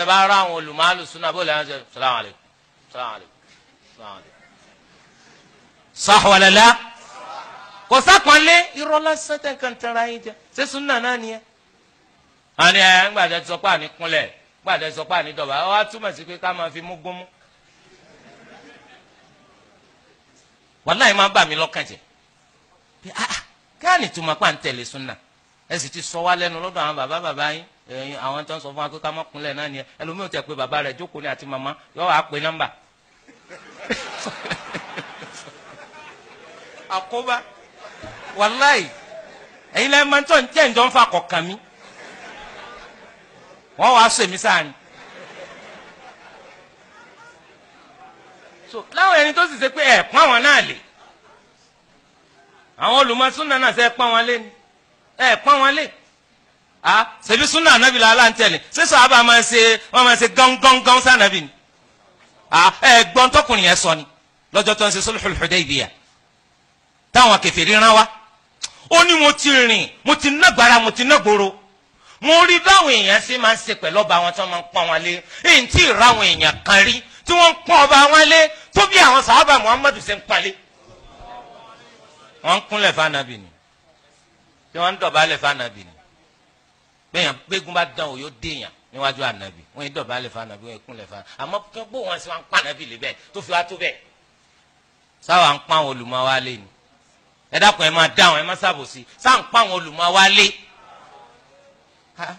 tẹ́bá ara àwọn olùmọ̀ọ́lù súnà bó lè ṣe salamu alaykum salamu alaykum salamu alaykum. sahwalala kò sápọnlé irọ́ lásán tẹ̀ kàn tẹ̀ra yín jẹ ṣé súnà náà nìyẹn. a ní ẹ ń gbàdé sọ pé àní kúnlẹ̀ gbàdé sọ pé àní dọ̀bà ọ wá túmọ̀ sí pé ká máa fi mú gómú. wàláyé máa bà mí lọ́kàn jẹ́ ah, ah, kí á nìtumọ̀ pà ń tẹ̀lé súnà ẹ sì ti sọ wá lẹ́nu lọ́dọ̀ àwọn bàbá bàbá yín ẹyin àwọn tó ń sọ fún wa pé ká má kúnlẹ̀ náà nìyẹn ẹlòmíì ò tẹ̀ pé bàbá rẹ̀ jókòó ní àti màmá yọ wàá pè nọ́mbà. àkóbá wàláì ẹ̀yin lẹ́yìn máa ń tọ́ ní tẹ́ ǹjọ́ ń fa kọ̀ọ̀kan mi wọ́n wàá sọ èmi sáà ni. so láwọn ẹni tó sì ṣe pé ẹ̀ pọ́n àwọn náà lè àwọn olùmọ̀sùn náà náà ṣe pọ́n wọn lé ni wọn lé a ah, ṣebí sunna anabi la ala ń tẹ̀lé sísọ àbá máa se wọn máa ṣe gángangán sànàbì ni a ah, ẹ gbọ́n tọkùnrin yẹn sọ ni lọ́jọ́ tó ń ṣe sulhul Hudaybiyah táwọn kèfèrí rán wa ó ní mo ti rìn mo ti nágbára mo ti nágboro mo rí báwọn èèyàn ṣe máa ń ṣe pẹ̀lú ọba wọn tí wọ́n máa ń pọ́n wọn lé èyí tí ì ráwọn èèyàn kan rí tí wọ́n ń pọ́n ọba wọn lé tó bí àwọn sàhábà Muhammadu ṣe ń palẹ̀ wọ́n ń kúnlẹ̀ fanabi ni tí wọ́n ń dọ̀bálẹ̀ fanabi ni bẹ́ẹ̀ gbẹ́gun bá dán o yóò déèyàn níwájú ànábì wọ́n yìí dọ̀bálẹ̀ fa ànábì wọ́n yìí kúnlẹ̀ fa àmọ́ kí bó wọn sì wá ń pa ànábì lè bẹ́ẹ̀ tó fi wá tó bẹ́ẹ̀ sáwà ń pa àwọn olùmọ̀ wa lé ni ẹ dákun ẹ máa dá àwọn ẹ máa ṣàbòsí sáà ń pa àwọn olùmọ̀ wa lé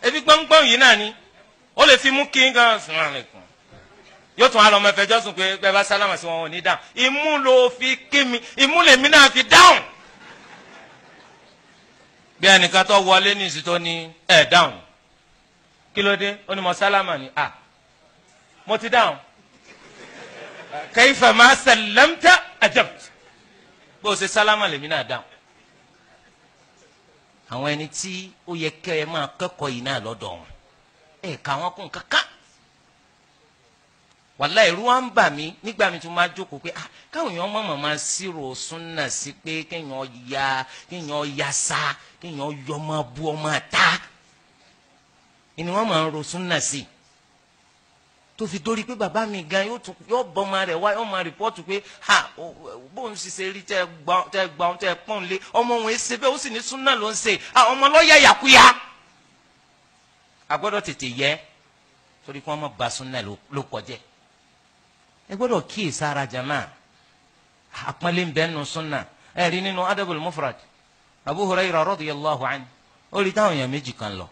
ebi gbọ́ngbọ́n yìí náà ni ó lè fi mú kí n gan sùn àlẹ́ kù yóò tún àlọ́ ọmọ ẹ̀fẹ́ jọ́sùn pé bẹ́ẹ̀ bá sálámà sí wọn ò ní dáhùn bí ẹnìkan tó wọlé ní ìsìtò ní ẹ̀ dáhùn kí ló dé ó ní mo sálámà ni à ah, mo ti dáhùn kayfa ma sallamta ajabt bó o ṣe sálámà lèmi náà dáhùn àwọn ẹni tí ó yẹ kẹ́ ẹ máa kẹ́kọ̀ọ́ yìí náà lọ́dọ̀ wọn ẹ̀ kà kún kankan wàláhì ẹ̀rù wa ń bà mí nígbà mi tí mo máa jókòó pé ah káwọn èèyàn mọ̀mọ́ máa sírò súnà sí pé kéèyàn ya kéèyàn ya sa kéèyàn yọ ọmọ bu ọmọ ta ni wọ́n máa ń ro súnà sí tó fi dórí pé bàbá mi gan yóò bọ́ ọmọ rẹ̀ wá yóò máa rìpọ́tù pé ha bóun sì ṣe rí tẹ́ gbà ọ́n tẹ́ pọ́n lé ọmọ òun ṣe bẹ́ẹ̀ ó sì ní súnà ló ń ṣe ọmọ lọ́ọ̀yà yàkúyà a tètè yẹ torí kí wọ́n má ba súnà ló kọjẹ́ ẹ gbọ́dọ̀ kíyè sára jama àpọ́nlé bẹ́ẹ̀nu súnà ẹ rí nínú adabul mufrad abu hurayra radiyallahu anhu ó rí táwọn èèyàn méjì kan lọ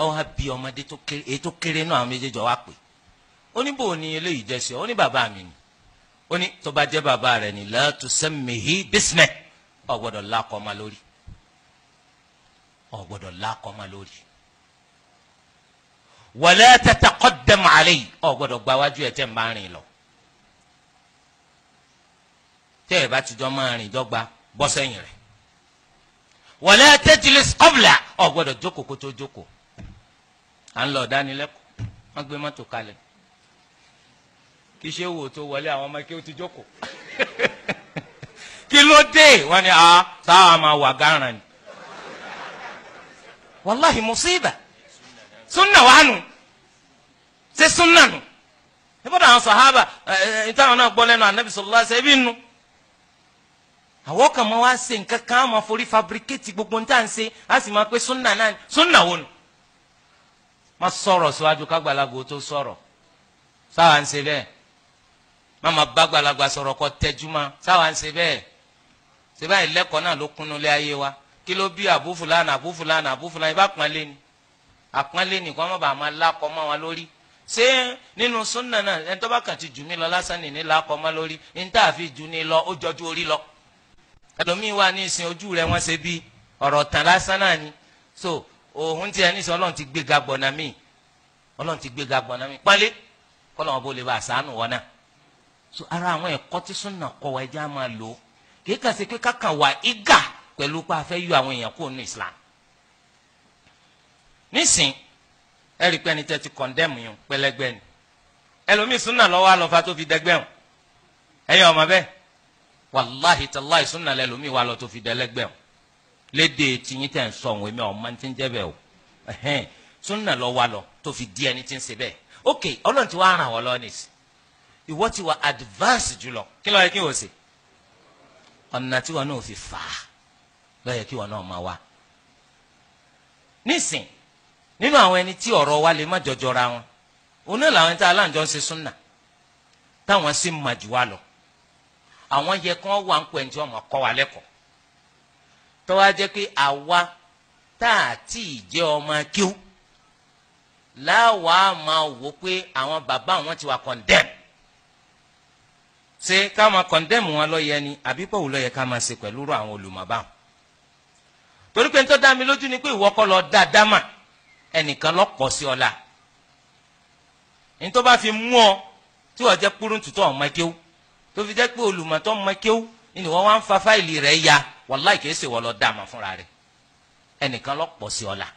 ọwọ́ á bí ọmọdé tó kéré náà àwọn méjèèjì ọwọ́ á pè ó ní bò ní eléyìí jẹ́ sí ọ ó ní bàbá mi ni ó ní tó bá jẹ́ bàbá rẹ̀ ni la tusammihi bismihi ó gbọ́dọ̀ lákọ́ ọmọ lórí ó gbọ́dọ̀ lákọ́ ọmọ lórí wala tataqaddam alayhi ọ̀ gbọ́dọ̀ gba wájú ẹ̀ tẹ́ ń bá rìn lọ tẹ́ ẹ̀ bá ti jọ máa rìn dọ́gba bọ́ sẹ́yìn rẹ̀ wala tajlis qabla ọ̀ gbọ́dọ̀ jókòó kó tó jókòó à ń lọ dánilẹ́kọ̀ọ́ wọ́n gbé mọ́tò kalẹ̀ kí ṣé wò tó wọlé àwọn ọmọ kí ó ti jókòó kí ló dé wọ́n ní ah sáà máa wà gáràn ni wàláhi musiba sunna wàánu ṣé súnà nù nígbàdà àwọn sàhábà ìtàn náà gbọ́ lẹ́nu ànábì sallallahu alaihi wasallam nù àwọn kan máa wá ṣe nǹkan kan máa forí fabricate gbogbo nǹkan ṣe á sì máa pé súnà náà súnà wò nù má sọ̀rọ̀ síwájú kágbàlagbò tó sọ̀rọ̀ sáwà ń ṣe bẹ́ẹ̀ má má bá gbàlagbà sọ̀rọ̀ kọ́ tẹjúmọ́ sáwà ń ṣe bẹ́ẹ̀ ṣe báyìí lẹ́kọ̀ọ́ náà ló kúnnú lé ayé wa kí ló bí àbúfùlánà àbúfùlánà àbúfùlánà ibà pọ́nlé ni àpọ́nlé ni kọ́ mọ́ bàá máa lákọ́ mọ́ wọn lórí ṣé nínú súnà na ẹni tó bá kàn ti jù mí lọ lásán nìní làákọ́mọ́ lórí ní tá a fi jù ní lọ ó jọjú orí lọ ẹlòmíín wà ní ìsìn ojú rẹ wọ́n ṣe bí ọ̀rọ̀ tán lásán náà ni so òun tiẹ̀ ní sọ ọlọ́run ti gbéga gbọ̀nà míì ọlọ́run ti gbéga gbọ̀nà míì pálí kọ́lọ́wọ́n bó lè bá àṣàánú wọn náà so ara àwọn ẹ̀kọ́ tí súnà kọ́ wa ẹja máa lò kì í kàn ṣe pé kákan wà ígà pẹ̀lú pé a fẹ́ yọ àwọn èèyàn kúrò ní Islam nísìnyí ẹ rí i pé ẹni tẹ́ ti kọ̀ndẹ́mù yín pẹlẹgbẹ́ ni ẹlòmíì súnà lọ́wọ́ àlọ́fà tó fi dẹgbẹ́ hàn ẹ̀yin ọmọ bẹ́ẹ̀ wàláhì tàláhì súnà lẹ́lòmíì wà lọ́ tó fi dẹlẹ́gbẹ́ hàn léde tìyín tẹ̀ ń sọ òun èmi ọmọ ti ń jẹ́ bẹ́ẹ̀ o ẹ̀hẹ́n súnà lọ́wọ́ àlọ́ tó fi di ẹni tí ń ṣe bẹ́ẹ̀ ok ọlọ́run ti wá ràn wọ́n lọ́wọ́ nìsí ìwọ ti wà advance jùlọ kí ló yẹ kí wọ́n ṣe ọ̀nà tí wọn náà fi fà á ló yẹ kí wọn náà máa wá nísìnyí nínú àwọn ẹni tí ọ̀rọ̀ wa lè má jọjọra wọn òun náà làwọn ẹni tí aláǹjọ ń ṣe súnà táwọn sì mà jù wá lọ àwọn yẹ kí wọ́n wà ń pẹ́ ǹjọ́ mọ̀ kọ́ wa lẹ́kọ̀ọ́ tó wá jẹ́ pé àwa tá a tí jẹ́ ọmọ kíw láwàá máa wò pé àwọn bàbá wọn ti wà condemn ṣé ká máa condemn wọn ló yẹ ni àbí báwo ló yẹ ká máa ṣe pẹ̀lú àwọn olùmọ̀bá wọn torí pé ń tó dá mi lójú ni pé ìwọ́kọ́ lọ dá dá mà ẹnìkan lọ́pọ̀ sí ọ̀la ní tó bá fi mú ọ tí wọ́n jẹ́ kúrúntù tó ọmọ kéwú tó fi jẹ́ pé olùmọ̀tọ́ ọmọ kéwú ni wọ́n wá ń fa fáìlì rẹ̀ ya wàláì kìí ṣe wọ́n lọ dààmú fúnra rẹ̀ ẹnìkan lọ́pọ̀ sí ọ̀la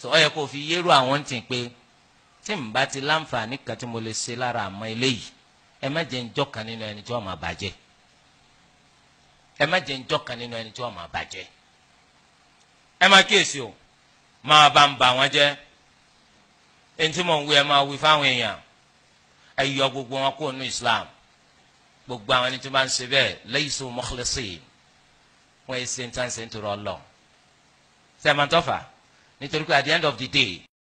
tó ọ yẹ kó fi yérò àwọn ń tì tí n bá ti láǹfààní kan tí mo lè ṣe lára àmọ́ eléyìí ẹ má jẹ́ njọ́ kan nínú ẹni tí wọ́n máa bàjẹ́ ẹ má jẹ́ njọ́ kan nínú ẹni tí wọ́n máa bàjẹ́ ẹ má kíyèsí o máa bá ń bà wọ́n jẹ́ eŋti mò ń wí ẹ máa wí fáwọn èèyàn ẹ yọ gbogbo wọn kó nu Islam gbogbo àwọn ẹni tó bá ń ṣe bẹ́ẹ̀ laysu mukhlisin wọ́n ẹ ṣe ń tán ṣe ń torọ lọ sẹ́mọ̀tọ́fà nítorí pé at the end of the day